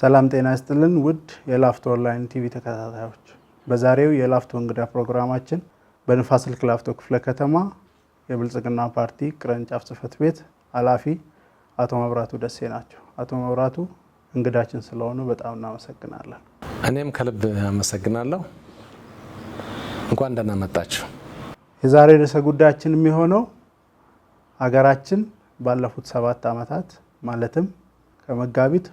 ሰላም ጤና ይስጥልን ውድ የላፍቶ ኦንላይን ቲቪ ተከታታዮች፣ በዛሬው የላፍቶ እንግዳ ፕሮግራማችን በንፋስ ስልክ ላፍቶ ክፍለ ከተማ የብልጽግና ፓርቲ ቅርንጫፍ ጽህፈት ቤት ኃላፊ አቶ መብራቱ ደሴ ናቸው። አቶ መብራቱ እንግዳችን ስለሆኑ በጣም እናመሰግናለን። እኔም ከልብ አመሰግናለሁ። እንኳን ደህና መጣችሁ። የዛሬ ርዕሰ ጉዳያችን የሚሆነው ሀገራችን ባለፉት ሰባት ዓመታት ማለትም ከመጋቢት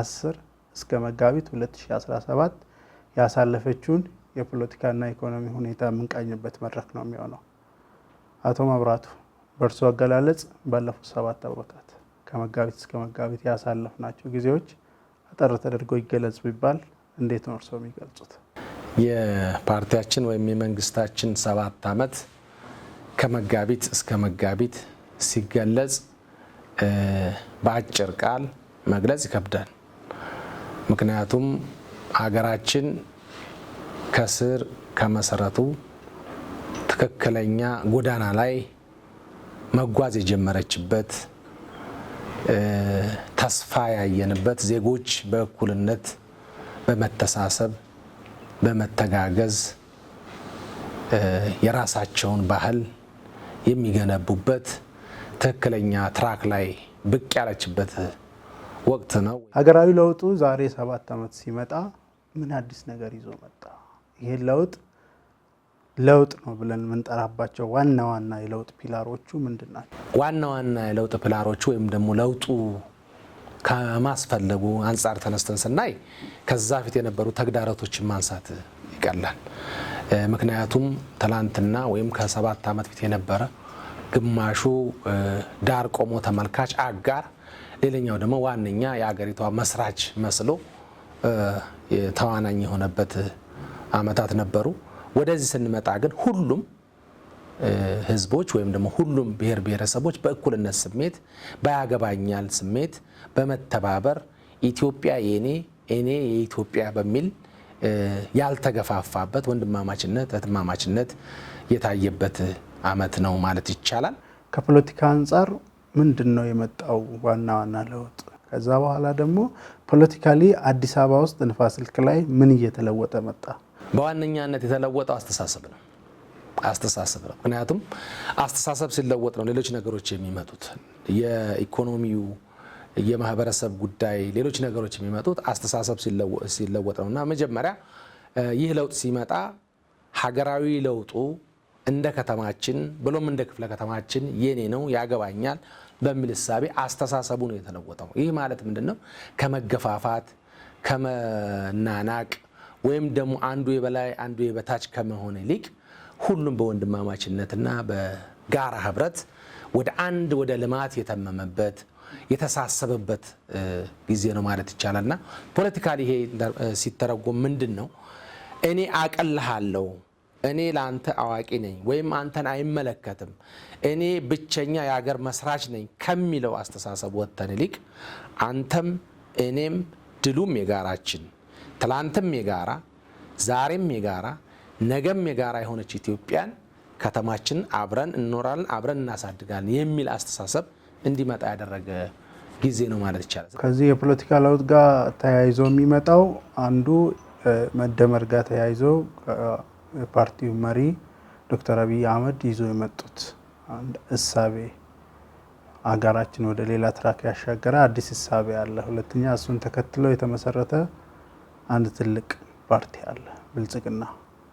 10 እስከ መጋቢት 2017 ያሳለፈችውን የፖለቲካና ኢኮኖሚ ሁኔታ የምንቃኝበት መድረክ ነው የሚሆነው። አቶ መብራቱ በእርሶ አገላለጽ ባለፉት ሰባት ዓመታት ከመጋቢት እስከ መጋቢት ያሳለፍናቸው ጊዜዎች አጠር ተደርጎ ይገለጽ ቢባል እንዴት ነው እርሶ የሚገልጹት? የፓርቲያችን ወይም የመንግስታችን ሰባት ዓመት ከመጋቢት እስከ መጋቢት ሲገለጽ በአጭር ቃል መግለጽ ይከብዳል። ምክንያቱም አገራችን ከስር ከመሰረቱ ትክክለኛ ጎዳና ላይ መጓዝ የጀመረችበት ተስፋ ያየንበት ዜጎች በእኩልነት በመተሳሰብ በመተጋገዝ የራሳቸውን ባህል የሚገነቡበት ትክክለኛ ትራክ ላይ ብቅ ያለችበት ወቅት ነው። ሀገራዊ ለውጡ ዛሬ ሰባት ዓመት ሲመጣ ምን አዲስ ነገር ይዞ መጣ? ይሄን ለውጥ ለውጥ ነው ብለን የምንጠራባቸው ዋና ዋና የለውጥ ፒላሮቹ ምንድን ናቸው? ዋና ዋና የለውጥ ፒላሮቹ ወይም ደግሞ ለውጡ ከማስፈለጉ አንጻር ተነስተን ስናይ ከዛ ፊት የነበሩ ተግዳሮቶችን ማንሳት ይቀላል። ምክንያቱም ትላንትና ወይም ከሰባት ዓመት ፊት የነበረ ግማሹ ዳር ቆሞ ተመልካች አጋር ሌላኛው ደግሞ ዋነኛ የአገሪቷ መስራች መስሎ ተዋናኝ የሆነበት አመታት ነበሩ። ወደዚህ ስንመጣ ግን ሁሉም ህዝቦች ወይም ደግሞ ሁሉም ብሔር ብሔረሰቦች በእኩልነት ስሜት በያገባኛል ስሜት በመተባበር ኢትዮጵያ የኔ እኔ የኢትዮጵያ በሚል ያልተገፋፋበት ወንድማማችነት እህትማማችነት የታየበት አመት ነው ማለት ይቻላል። ከፖለቲካ አንጻር ምንድን ነው የመጣው ዋና ዋና ለውጥ? ከዛ በኋላ ደግሞ ፖለቲካሊ አዲስ አበባ ውስጥ ንፋስ ስልክ ላይ ምን እየተለወጠ መጣ? በዋነኛነት የተለወጠው አስተሳሰብ ነው አስተሳሰብ ነው። ምክንያቱም አስተሳሰብ ሲለወጥ ነው ሌሎች ነገሮች የሚመጡት። የኢኮኖሚው፣ የማህበረሰብ ጉዳይ፣ ሌሎች ነገሮች የሚመጡት አስተሳሰብ ሲለወጥ ነው እና መጀመሪያ ይህ ለውጥ ሲመጣ ሀገራዊ ለውጡ እንደ ከተማችን ብሎም እንደ ክፍለ ከተማችን የኔ ነው ያገባኛል በሚል እሳቤ አስተሳሰቡ ነው የተለወጠው። ይህ ማለት ምንድን ነው? ከመገፋፋት ከመናናቅ ወይም ደግሞ አንዱ የበላይ አንዱ የበታች ከመሆን ይልቅ ሁሉም በወንድማማችነትና በጋራ ህብረት ወደ አንድ ወደ ልማት የተመመበት የተሳሰበበት ጊዜ ነው ማለት ይቻላል። ና ፖለቲካሊ ይሄ ሲተረጎም ምንድን ነው እኔ አቀልሃለሁ እኔ ለአንተ አዋቂ ነኝ ወይም አንተን አይመለከትም፣ እኔ ብቸኛ የሀገር መስራች ነኝ ከሚለው አስተሳሰብ ወጥተን ይልቅ አንተም እኔም ድሉም የጋራችን፣ ትላንትም የጋራ፣ ዛሬም የጋራ፣ ነገም የጋራ የሆነች ኢትዮጵያን ከተማችን አብረን እንኖራለን፣ አብረን እናሳድጋለን የሚል አስተሳሰብ እንዲመጣ ያደረገ ጊዜ ነው ማለት ይቻላል። ከዚህ የፖለቲካ ለውጥ ጋር ተያይዞ የሚመጣው አንዱ መደመር ጋር ተያይዞ ፓርቲው መሪ ዶክተር አብይ አህመድ ይዞ የመጡት አንድ እሳቤ አገራችን ወደ ሌላ ትራክ ያሻገረ አዲስ እሳቤ አለ። ሁለተኛ እሱን ተከትለው የተመሰረተ አንድ ትልቅ ፓርቲ አለ፣ ብልጽግና።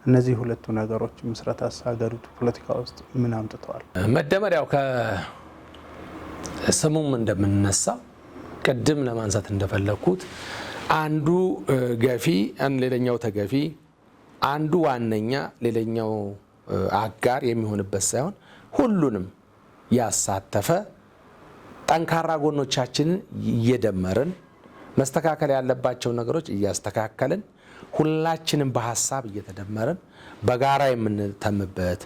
እነዚህ ሁለቱ ነገሮች ምስረታ ሀገሪቱ ፖለቲካ ውስጥ ምን አምጥተዋል? መደመሪያው ከስሙም እንደምንነሳ ቅድም ለማንሳት እንደፈለግኩት አንዱ ገፊ ሌላኛው ተገፊ አንዱ ዋነኛ ሌላኛው አጋር የሚሆንበት ሳይሆን ሁሉንም ያሳተፈ ጠንካራ ጎኖቻችንን እየደመርን መስተካከል ያለባቸው ነገሮች እያስተካከልን ሁላችንም በሀሳብ እየተደመርን በጋራ የምንተምበት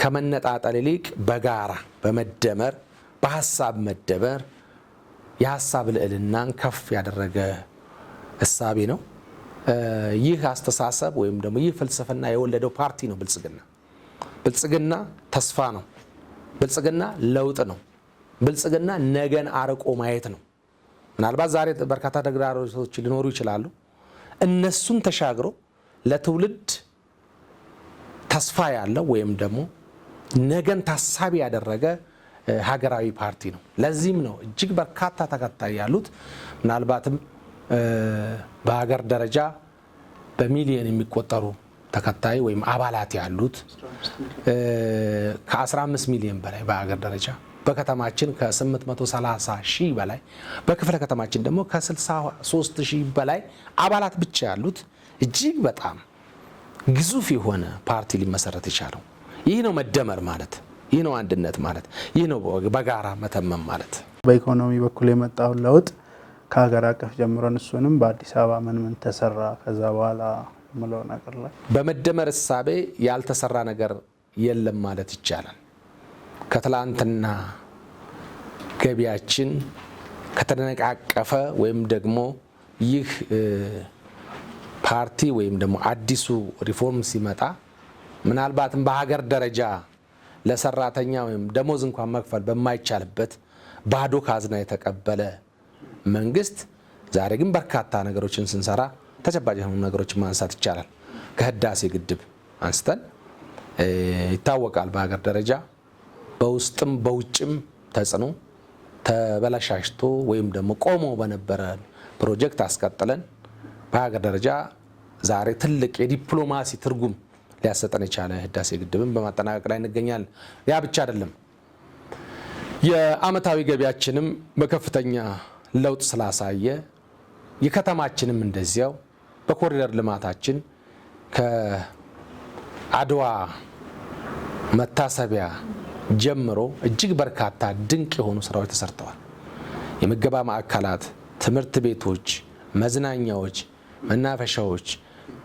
ከመነጣጠል ይልቅ በጋራ በመደመር በሀሳብ መደመር የሀሳብ ልዕልናን ከፍ ያደረገ እሳቤ ነው። ይህ አስተሳሰብ ወይም ደግሞ ይህ ፍልስፍና የወለደው ፓርቲ ነው ብልጽግና። ብልጽግና ተስፋ ነው። ብልጽግና ለውጥ ነው። ብልጽግና ነገን አርቆ ማየት ነው። ምናልባት ዛሬ በርካታ ተግዳሮቶች ሊኖሩ ይችላሉ። እነሱን ተሻግሮ ለትውልድ ተስፋ ያለው ወይም ደግሞ ነገን ታሳቢ ያደረገ ሀገራዊ ፓርቲ ነው። ለዚህም ነው እጅግ በርካታ ተከታይ ያሉት ምናልባትም በሀገር ደረጃ በሚሊየን የሚቆጠሩ ተከታይ ወይም አባላት ያሉት ከ15 ሚሊዮን በላይ በሀገር ደረጃ በከተማችን ከ830 ሺህ በላይ በክፍለ ከተማችን ደግሞ ከ63 ሺህ በላይ አባላት ብቻ ያሉት እጅግ በጣም ግዙፍ የሆነ ፓርቲ ሊመሰረት የቻለው ይህ ነው። መደመር ማለት ይህ ነው። አንድነት ማለት ይህ ነው። በጋራ መተመም ማለት በኢኮኖሚ በኩል የመጣውን ለውጥ ከሀገር አቀፍ ጀምረን እሱንም በአዲስ አበባ ምን ምን ተሰራ ከዛ በኋላ ምለው ነገር ላይ በመደመር እሳቤ ያልተሰራ ነገር የለም ማለት ይቻላል። ከትላንትና ገቢያችን ከተነቃቀፈ ወይም ደግሞ ይህ ፓርቲ ወይም ደግሞ አዲሱ ሪፎርም ሲመጣ ምናልባትም በሀገር ደረጃ ለሰራተኛ ወይም ደሞዝ እንኳን መክፈል በማይቻልበት ባዶ ካዝና የተቀበለ መንግስት ዛሬ ግን በርካታ ነገሮችን ስንሰራ ተጨባጭ የሆኑ ነገሮችን ማንሳት ይቻላል። ከህዳሴ ግድብ አንስተን ይታወቃል። በሀገር ደረጃ በውስጥም በውጭም ተጽዕኖ ተበላሻሽቶ ወይም ደግሞ ቆሞ በነበረ ፕሮጀክት አስቀጥለን በሀገር ደረጃ ዛሬ ትልቅ የዲፕሎማሲ ትርጉም ሊያሰጠን የቻለ ህዳሴ ግድብን በማጠናቀቅ ላይ እንገኛለን። ያ ብቻ አይደለም፣ የአመታዊ ገቢያችንም በከፍተኛ ለውጥ ስላሳየ የከተማችንም እንደዚያው በኮሪደር ልማታችን ከአድዋ መታሰቢያ ጀምሮ እጅግ በርካታ ድንቅ የሆኑ ስራዎች ተሰርተዋል። የምገባ ማዕከላት፣ ትምህርት ቤቶች፣ መዝናኛዎች፣ መናፈሻዎች፣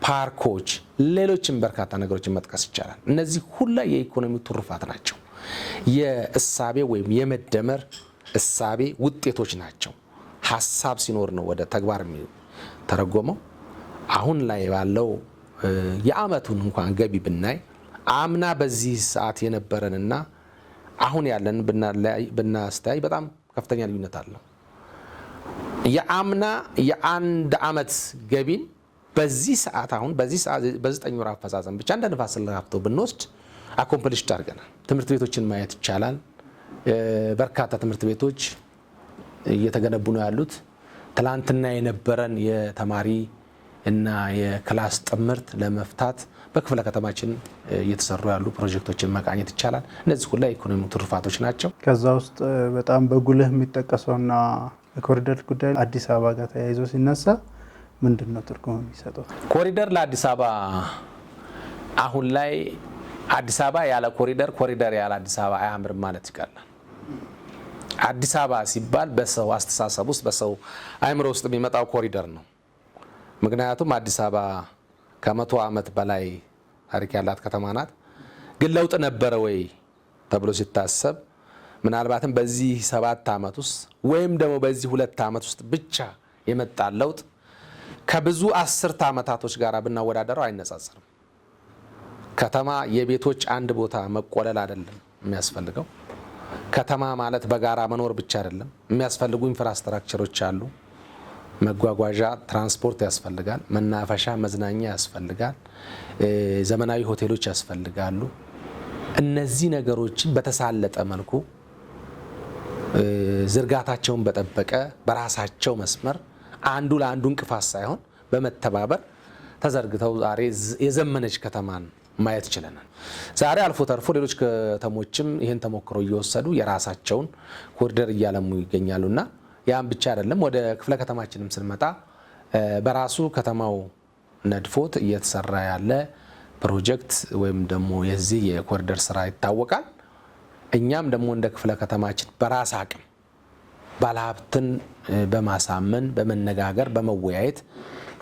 ፓርኮች፣ ሌሎችም በርካታ ነገሮችን መጥቀስ ይቻላል። እነዚህ ሁላ የኢኮኖሚ ትሩፋት ናቸው። የእሳቤ ወይም የመደመር እሳቤ ውጤቶች ናቸው። ሀሳብ ሲኖር ነው ወደ ተግባር የሚተረጎመው። አሁን ላይ ባለው የአመቱን እንኳን ገቢ ብናይ አምና በዚህ ሰዓት የነበረንና አሁን ያለን ብናስተያይ በጣም ከፍተኛ ልዩነት አለው። የአምና የአንድ አመት ገቢን በዚህ ሰዓት አሁን በዚህ ሰዓት በዘጠኝ ወር አፈጻጸም ብቻ እንደ ንፋስ ስልካፍቶ ብንወስድ አኮምፕሊሽድ አድርገናል። ትምህርት ቤቶችን ማየት ይቻላል። በርካታ ትምህርት ቤቶች እየተገነቡ ነው ያሉት። ትላንትና የነበረን የተማሪ እና የክላስ ጥምርት ለመፍታት በክፍለ ከተማችን እየተሰሩ ያሉ ፕሮጀክቶችን መቃኘት ይቻላል። እነዚህ ሁላ ኢኮኖሚ ትሩፋቶች ናቸው። ከዛ ውስጥ በጣም በጉልህ የሚጠቀሰውና የኮሪደር ጉዳይ አዲስ አበባ ጋር ተያይዞ ሲነሳ ምንድን ነው ትርጉም የሚሰጠው? ኮሪደር ለአዲስ አበባ አሁን ላይ አዲስ አበባ ያለ ኮሪደር፣ ኮሪደር ያለ አዲስ አበባ አያምርም ማለት ይቀላል። አዲስ አበባ ሲባል በሰው አስተሳሰብ ውስጥ በሰው አይምሮ ውስጥ የሚመጣው ኮሪደር ነው። ምክንያቱም አዲስ አበባ ከመቶ ዓመት በላይ ታሪክ ያላት ከተማ ናት። ግን ለውጥ ነበረ ወይ ተብሎ ሲታሰብ ምናልባትም በዚህ ሰባት ዓመት ውስጥ ወይም ደግሞ በዚህ ሁለት ዓመት ውስጥ ብቻ የመጣ ለውጥ ከብዙ አስርተ ዓመታቶች ጋር ብናወዳደረው አይነጻጸርም። ከተማ የቤቶች አንድ ቦታ መቆለል አይደለም የሚያስፈልገው ከተማ ማለት በጋራ መኖር ብቻ አይደለም። የሚያስፈልጉ ኢንፍራስትራክቸሮች አሉ። መጓጓዣ ትራንስፖርት ያስፈልጋል። መናፈሻ መዝናኛ ያስፈልጋል። ዘመናዊ ሆቴሎች ያስፈልጋሉ። እነዚህ ነገሮችን በተሳለጠ መልኩ ዝርጋታቸውን በጠበቀ በራሳቸው መስመር አንዱ ለአንዱ እንቅፋት ሳይሆን በመተባበር ተዘርግተው ዛሬ የዘመነች ከተማን ማየት ችለናል። ዛሬ አልፎ ተርፎ ሌሎች ከተሞችም ይህን ተሞክሮ እየወሰዱ የራሳቸውን ኮሪደር እያለሙ ይገኛሉና ያም ብቻ አይደለም። ወደ ክፍለ ከተማችንም ስንመጣ በራሱ ከተማው ነድፎት እየተሰራ ያለ ፕሮጀክት ወይም ደግሞ የዚህ የኮሪደር ስራ ይታወቃል። እኛም ደግሞ እንደ ክፍለ ከተማችን በራስ አቅም ባለሀብትን በማሳመን በመነጋገር በመወያየት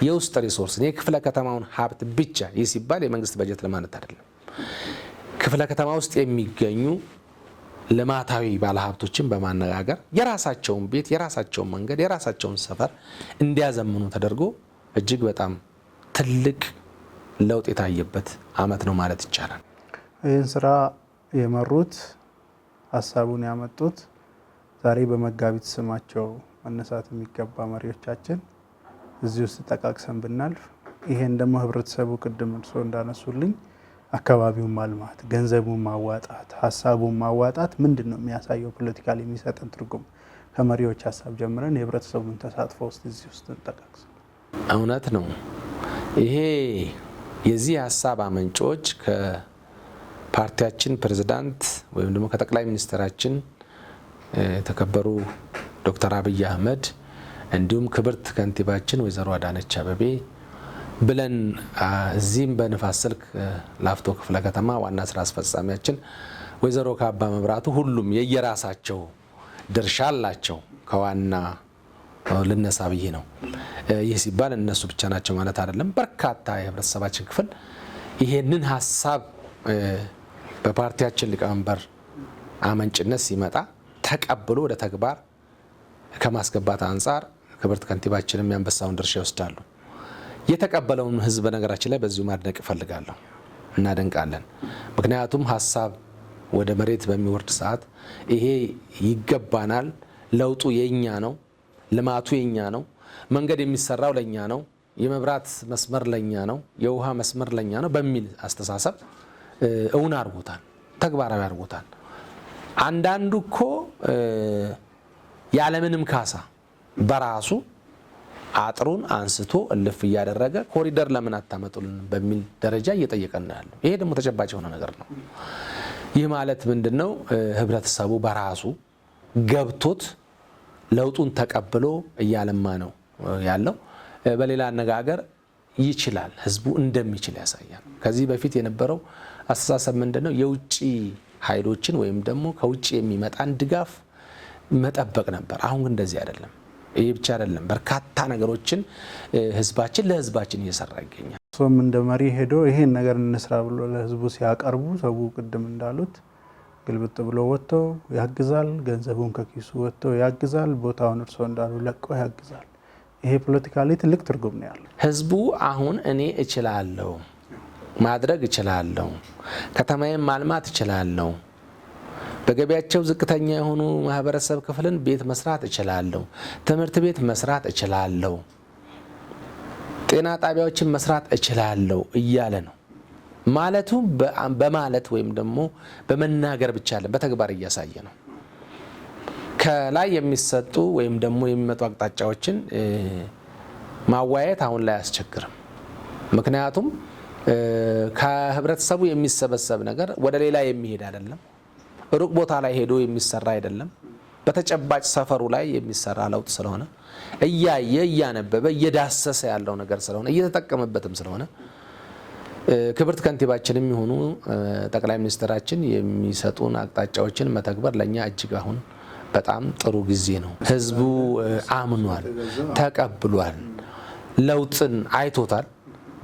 የውስጥ ሪሶርስን የክፍለ ከተማውን ሀብት ብቻ ይህ ሲባል የመንግስት በጀት ለማለት አይደለም። ክፍለ ከተማ ውስጥ የሚገኙ ልማታዊ ባለሀብቶችን በማነጋገር የራሳቸውን ቤት፣ የራሳቸውን መንገድ፣ የራሳቸውን ሰፈር እንዲያዘምኑ ተደርጎ እጅግ በጣም ትልቅ ለውጥ የታየበት አመት ነው ማለት ይቻላል። ይህን ስራ የመሩት ሀሳቡን ያመጡት ዛሬ በመጋቢት ስማቸው መነሳት የሚገባ መሪዎቻችን እዚህ ውስጥ ጠቃቅሰን ብናልፍ ይሄን ደግሞ ህብረተሰቡ ቅድም እርስዎ እንዳነሱልኝ አካባቢውን ማልማት፣ ገንዘቡን ማዋጣት፣ ሀሳቡን ማዋጣት ምንድን ነው የሚያሳየው ፖለቲካል የሚሰጠን ትርጉም ከመሪዎች ሀሳብ ጀምረን የህብረተሰቡን ተሳትፎ ውስጥ እዚህ ውስጥ እንጠቃቅስ። እውነት ነው። ይሄ የዚህ ሀሳብ አመንጮች ከፓርቲያችን ፕሬዝዳንት ወይም ደግሞ ከጠቅላይ ሚኒስትራችን የተከበሩ ዶክተር አብይ አህመድ እንዲሁም ክብርት ከንቲባችን ወይዘሮ አዳነች አበቤ ብለን እዚህም በንፋስ ስልክ ላፍቶ ክፍለ ከተማ ዋና ስራ አስፈጻሚያችን ወይዘሮ ካባ መብራቱ ሁሉም የየራሳቸው ድርሻ አላቸው። ከዋና ልነሳ ብዬ ነው። ይህ ሲባል እነሱ ብቻ ናቸው ማለት አይደለም። በርካታ የህብረተሰባችን ክፍል ይሄንን ሀሳብ በፓርቲያችን ሊቀመንበር አመንጭነት ሲመጣ ተቀብሎ ወደ ተግባር ከማስገባት አንጻር ክብርት ከንቲባችንም የአንበሳውን ድርሻ ይወስዳሉ። የተቀበለውን ህዝብ በነገራችን ላይ በዚሁ ማድነቅ እፈልጋለሁ። እናደንቃለን። ምክንያቱም ሀሳብ ወደ መሬት በሚወርድ ሰዓት ይሄ ይገባናል፣ ለውጡ የኛ ነው፣ ልማቱ የኛ ነው፣ መንገድ የሚሰራው ለኛ ነው፣ የመብራት መስመር ለኛ ነው፣ የውሃ መስመር ለኛ ነው በሚል አስተሳሰብ እውን አድርጎታል፣ ተግባራዊ አድርጎታል። አንዳንዱ እኮ ያለምንም ካሳ በራሱ አጥሩን አንስቶ እልፍ እያደረገ ኮሪደር ለምን አታመጡልን በሚል ደረጃ እየጠየቀን ነው ያለው። ይሄ ደግሞ ተጨባጭ የሆነ ነገር ነው። ይህ ማለት ምንድን ነው? ህብረተሰቡ በራሱ ገብቶት ለውጡን ተቀብሎ እያለማ ነው ያለው። በሌላ አነጋገር ይችላል፣ ህዝቡ እንደሚችል ያሳያል። ከዚህ በፊት የነበረው አስተሳሰብ ምንድን ነው? የውጭ ኃይሎችን ወይም ደግሞ ከውጭ የሚመጣን ድጋፍ መጠበቅ ነበር። አሁን ግን እንደዚህ አይደለም። ይህ ብቻ አይደለም። በርካታ ነገሮችን ህዝባችን ለህዝባችን እየሰራ ይገኛል። እሱም እንደ መሪ ሄዶ ይሄን ነገር እንስራ ብሎ ለህዝቡ ሲያቀርቡ ሰው ቅድም እንዳሉት ግልብጥ ብሎ ወጥቶ ያግዛል። ገንዘቡን ከኪሱ ወጥቶ ያግዛል። ቦታውን እርሶ እንዳሉ ለቆ ያግዛል። ይሄ ላይ ትልቅ ትርጉም ነው ያለው። ህዝቡ አሁን እኔ እችላለሁ ማድረግ እችላለሁ ከተማዬን ማልማት እችላለሁ በገቢያቸው ዝቅተኛ የሆኑ ማህበረሰብ ክፍልን ቤት መስራት እችላለሁ፣ ትምህርት ቤት መስራት እችላለሁ፣ ጤና ጣቢያዎችን መስራት እችላለሁ እያለ ነው ማለቱ በማለት ወይም ደግሞ በመናገር ብቻ አለ፣ በተግባር እያሳየ ነው። ከላይ የሚሰጡ ወይም ደግሞ የሚመጡ አቅጣጫዎችን ማዋየት አሁን ላይ አያስቸግርም። ምክንያቱም ከህብረተሰቡ የሚሰበሰብ ነገር ወደ ሌላ የሚሄድ አይደለም። ሩቅ ቦታ ላይ ሄዶ የሚሰራ አይደለም። በተጨባጭ ሰፈሩ ላይ የሚሰራ ለውጥ ስለሆነ እያየ እያነበበ እየዳሰሰ ያለው ነገር ስለሆነ እየተጠቀመበትም ስለሆነ ክብርት ከንቲባችን የሚሆኑ ጠቅላይ ሚኒስትራችን የሚሰጡን አቅጣጫዎችን መተግበር ለእኛ እጅግ አሁን በጣም ጥሩ ጊዜ ነው። ህዝቡ አምኗል፣ ተቀብሏል፣ ለውጥን አይቶታል።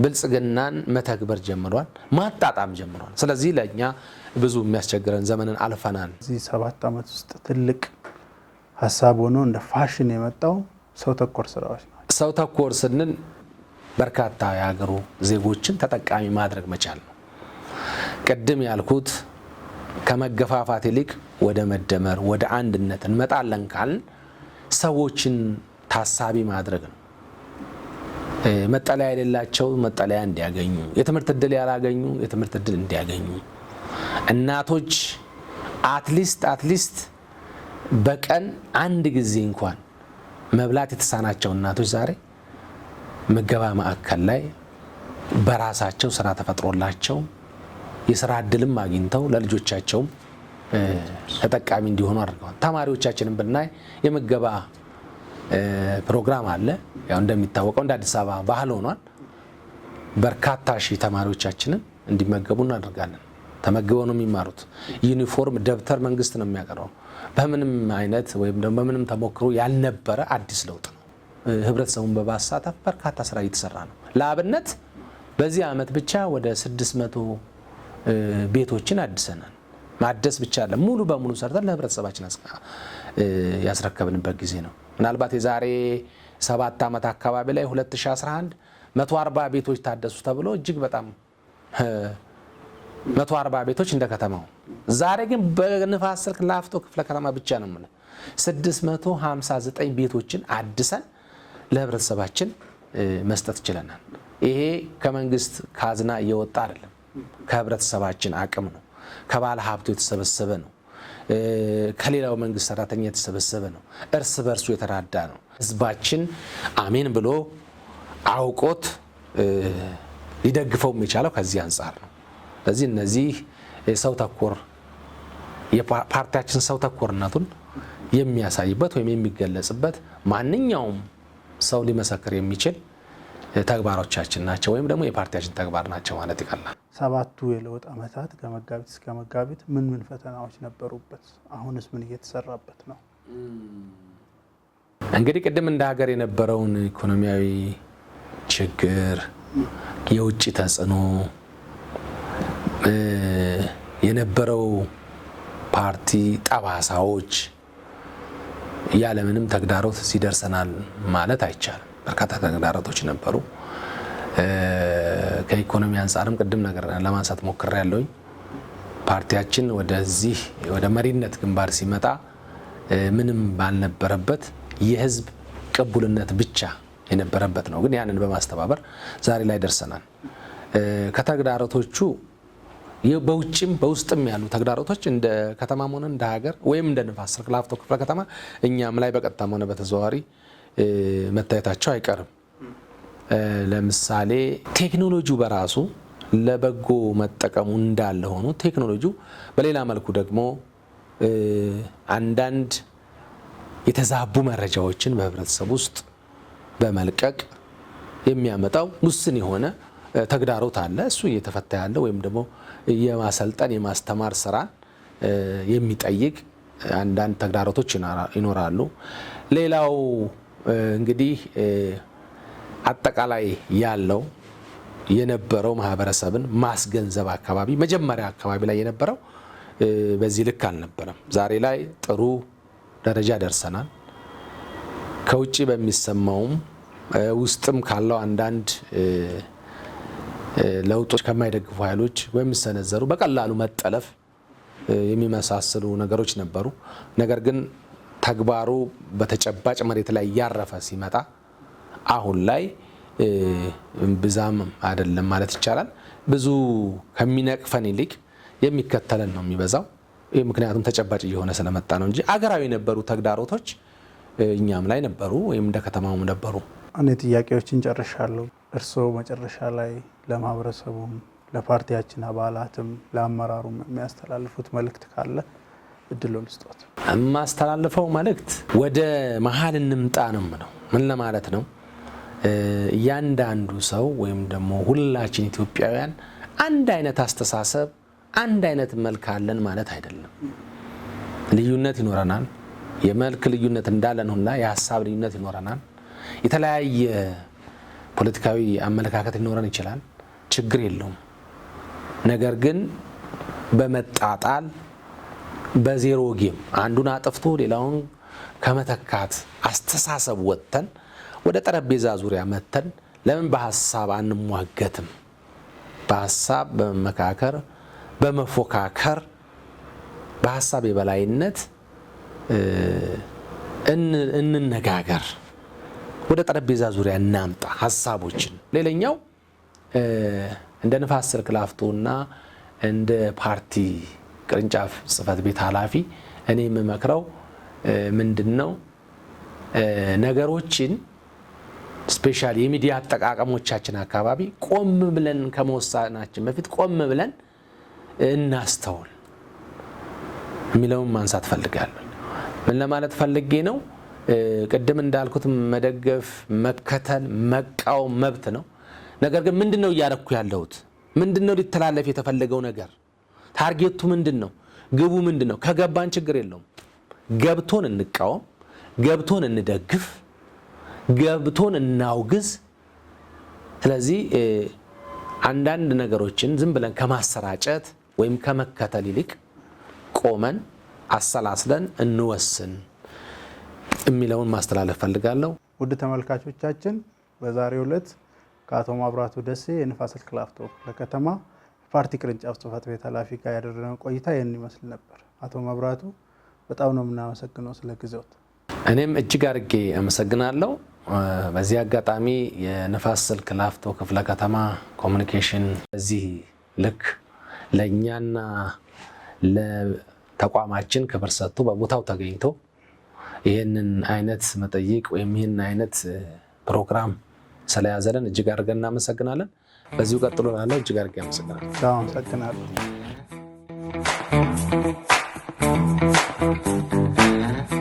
ብልጽግናን መተግበር ጀምሯል፣ ማጣጣም ጀምሯል። ስለዚህ ለእኛ ብዙ የሚያስቸግረን ዘመንን አልፈናል። እዚህ ሰባት ዓመት ውስጥ ትልቅ ሀሳብ ሆኖ እንደ ፋሽን የመጣው ሰው ተኮር ስራዎች ነው። ሰው ተኮር ስንል በርካታ የሀገሩ ዜጎችን ተጠቃሚ ማድረግ መቻል ነው። ቅድም ያልኩት ከመገፋፋት ይልቅ ወደ መደመር፣ ወደ አንድነት እንመጣለን ካልን ሰዎችን ታሳቢ ማድረግ ነው። መጠለያ የሌላቸው መጠለያ እንዲያገኙ፣ የትምህርት እድል ያላገኙ የትምህርት እድል እንዲያገኙ፣ እናቶች አትሊስት አትሊስት በቀን አንድ ጊዜ እንኳን መብላት የተሳናቸው እናቶች ዛሬ ምገባ ማዕከል ላይ በራሳቸው ስራ ተፈጥሮላቸው የስራ እድልም አግኝተው ለልጆቻቸውም ተጠቃሚ እንዲሆኑ አድርገዋል። ተማሪዎቻችንም ብናይ የምገባ ፕሮግራም አለ። ያው እንደሚታወቀው እንደ አዲስ አበባ ባህል ሆኗል። በርካታ ሺህ ተማሪዎቻችንን እንዲመገቡ እናደርጋለን። ተመግበው ነው የሚማሩት። ዩኒፎርም፣ ደብተር መንግስት ነው የሚያቀርበው። በምንም አይነት ወይም ደግሞ በምንም ተሞክሮ ያልነበረ አዲስ ለውጥ ነው። ህብረተሰቡን በማሳተፍ በርካታ ስራ እየተሰራ ነው። ለአብነት በዚህ ዓመት ብቻ ወደ 600 ቤቶችን አድሰናል። ማደስ ብቻ አለ ሙሉ በሙሉ ሰርተን ለህብረተሰባችን ያስረከብንበት ጊዜ ነው። ምናልባት የዛሬ ሰባት ዓመት አካባቢ ላይ 2011 140 ቤቶች ታደሱ ተብሎ እጅግ በጣም 140 ቤቶች እንደ ከተማው። ዛሬ ግን በንፋስ ስልክ ላፍቶ ክፍለ ከተማ ብቻ ነው ምን 659 ቤቶችን አድሰን ለህብረተሰባችን መስጠት ችለናል። ይሄ ከመንግስት ካዝና እየወጣ አይደለም፣ ከህብረተሰባችን አቅም ነው። ከባለ ሀብቱ የተሰበሰበ ነው። ከሌላው መንግስት ሰራተኛ የተሰበሰበ ነው። እርስ በርሱ የተራዳ ነው። ህዝባችን አሜን ብሎ አውቆት ሊደግፈው የሚቻለው ከዚህ አንጻር ነው። ስለዚህ እነዚህ ሰው ተኮር የፓርቲያችን ሰው ተኮርነቱን የሚያሳይበት ወይም የሚገለጽበት ማንኛውም ሰው ሊመሰክር የሚችል ተግባሮቻችን ናቸው ወይም ደግሞ የፓርቲያችን ተግባር ናቸው ማለት ይቀላል። ሰባቱ የለውጥ ዓመታት ከመጋቢት እስከ መጋቢት ምን ምን ፈተናዎች ነበሩበት? አሁንስ ምን እየተሰራበት ነው? እንግዲህ ቅድም እንደ ሀገር የነበረውን ኢኮኖሚያዊ ችግር፣ የውጭ ተጽዕኖ የነበረው ፓርቲ ጠባሳዎች ያለምንም ተግዳሮት ሲደርሰናል ማለት አይቻልም። በርካታ ተግዳሮቶች ነበሩ። ከኢኮኖሚ አንጻርም ቅድም ነገር ለማንሳት ሞክሬ ያለውኝ ፓርቲያችን ወደዚህ ወደ መሪነት ግንባር ሲመጣ ምንም ባልነበረበት የህዝብ ቅቡልነት ብቻ የነበረበት ነው። ግን ያንን በማስተባበር ዛሬ ላይ ደርሰናል። ከተግዳሮቶቹ በውጭም በውስጥም ያሉ ተግዳሮቶች እንደ ከተማም ሆነ እንደ ሀገር ወይም እንደ ንፋስ ስልክ ላፍቶ ክፍለ ከተማ እኛም ላይ በቀጥታም ሆነ በተዘዋዋሪ መታየታቸው አይቀርም። ለምሳሌ ቴክኖሎጂው በራሱ ለበጎ መጠቀሙ እንዳለ ሆኖ ቴክኖሎጂው በሌላ መልኩ ደግሞ አንዳንድ የተዛቡ መረጃዎችን በህብረተሰብ ውስጥ በመልቀቅ የሚያመጣው ውስን የሆነ ተግዳሮት አለ። እሱ እየተፈታ ያለ ወይም ደግሞ የማሰልጠን የማስተማር ስራን የሚጠይቅ አንዳንድ ተግዳሮቶች ይኖራሉ። ሌላው እንግዲህ አጠቃላይ ያለው የነበረው ማህበረሰብን ማስገንዘብ አካባቢ መጀመሪያ አካባቢ ላይ የነበረው በዚህ ልክ አልነበረም። ዛሬ ላይ ጥሩ ደረጃ ደርሰናል። ከውጭ በሚሰማውም ውስጥም ካለው አንዳንድ ለውጦች ከማይደግፉ ኃይሎች በሚሰነዘሩ በቀላሉ መጠለፍ የሚመሳሰሉ ነገሮች ነበሩ። ነገር ግን ተግባሩ በተጨባጭ መሬት ላይ እያረፈ ሲመጣ አሁን ላይ ብዛም አይደለም ማለት ይቻላል። ብዙ ከሚነቅፈን ይልቅ የሚከተለን ነው የሚበዛው። ምክንያቱም ተጨባጭ እየሆነ ስለመጣ ነው እንጂ አገራዊ የነበሩ ተግዳሮቶች እኛም ላይ ነበሩ፣ ወይም እንደ ከተማውም ነበሩ። እኔ ጥያቄዎችን ጨርሻለሁ። እርስዎ መጨረሻ ላይ ለማህበረሰቡም ለፓርቲያችን አባላትም ለአመራሩም የሚያስተላልፉት መልእክት ካለ እድሎ ልስጦት። የማስተላልፈው መልእክት ወደ መሀል እንምጣ ነው ነው ምን ለማለት ነው? እያንዳንዱ ሰው ወይም ደግሞ ሁላችን ኢትዮጵያውያን አንድ አይነት አስተሳሰብ አንድ አይነት መልክ አለን ማለት አይደለም። ልዩነት ይኖረናል። የመልክ ልዩነት እንዳለን ሁላ የሀሳብ ልዩነት ይኖረናል። የተለያየ ፖለቲካዊ አመለካከት ሊኖረን ይችላል። ችግር የለውም። ነገር ግን በመጣጣል በዜሮ ጌም አንዱን አጥፍቶ ሌላውን ከመተካት አስተሳሰብ ወጥተን ወደ ጠረጴዛ ዙሪያ መጥተን ለምን በሀሳብ አንሟገትም? በሀሳብ በመመካከር በመፎካከር በሀሳብ የበላይነት እንነጋገር፣ ወደ ጠረጴዛ ዙሪያ እናምጣ ሀሳቦችን። ሌላኛው እንደ ንፋስ ስልክ ላፍቶና እንደ ፓርቲ ቅርንጫፍ ጽህፈት ቤት ኃላፊ እኔ የምመክረው ምንድን ነው ነገሮችን ስፔሻል የሚዲያ አጠቃቀሞቻችን አካባቢ ቆም ብለን ከመወሳናችን በፊት ቆም ብለን እናስተውል የሚለውን ማንሳት ፈልጋለሁ። ምን ለማለት ፈልጌ ነው? ቅድም እንዳልኩት መደገፍ፣ መከተል፣ መቃወም መብት ነው። ነገር ግን ምንድን ነው እያረኩ ያለሁት? ምንድን ነው ሊተላለፍ የተፈለገው ነገር? ታርጌቱ ምንድን ነው? ግቡ ምንድን ነው? ከገባን ችግር የለውም። ገብቶን እንቃወም፣ ገብቶን እንደግፍ፣ ገብቶን እናውግዝ። ስለዚህ አንዳንድ ነገሮችን ዝም ብለን ከማሰራጨት ወይም ከመከተል ይልቅ ቆመን አሰላስለን እንወስን የሚለውን ማስተላለፍ ፈልጋለሁ። ውድ ተመልካቾቻችን በዛሬው ዕለት ከአቶ ማብራቱ ደሴ የንፋስ ስልክ ላፍቶ ለከተማ ፓርቲ ቅርንጫፍ ጽህፈት ቤት ኃላፊ ጋር ያደረገን ቆይታ ይህን ይመስል ነበር። አቶ ማብራቱ በጣም ነው የምናመሰግነው ስለ ጊዜዎት። እኔም እጅግ አድርጌ አመሰግናለሁ። በዚህ አጋጣሚ የንፋስ ስልክ ላፍቶ ክፍለ ከተማ ኮሚኒኬሽን በዚህ ልክ ለእኛና ለተቋማችን ክብር ሰጥቶ በቦታው ተገኝቶ ይህንን አይነት መጠይቅ ወይም ይህንን አይነት ፕሮግራም ስለያዘለን እጅግ አድርገን እናመሰግናለን። በዚሁ ቀጥሎ ላለው እጅግ አድርገ አመሰግናለሁ።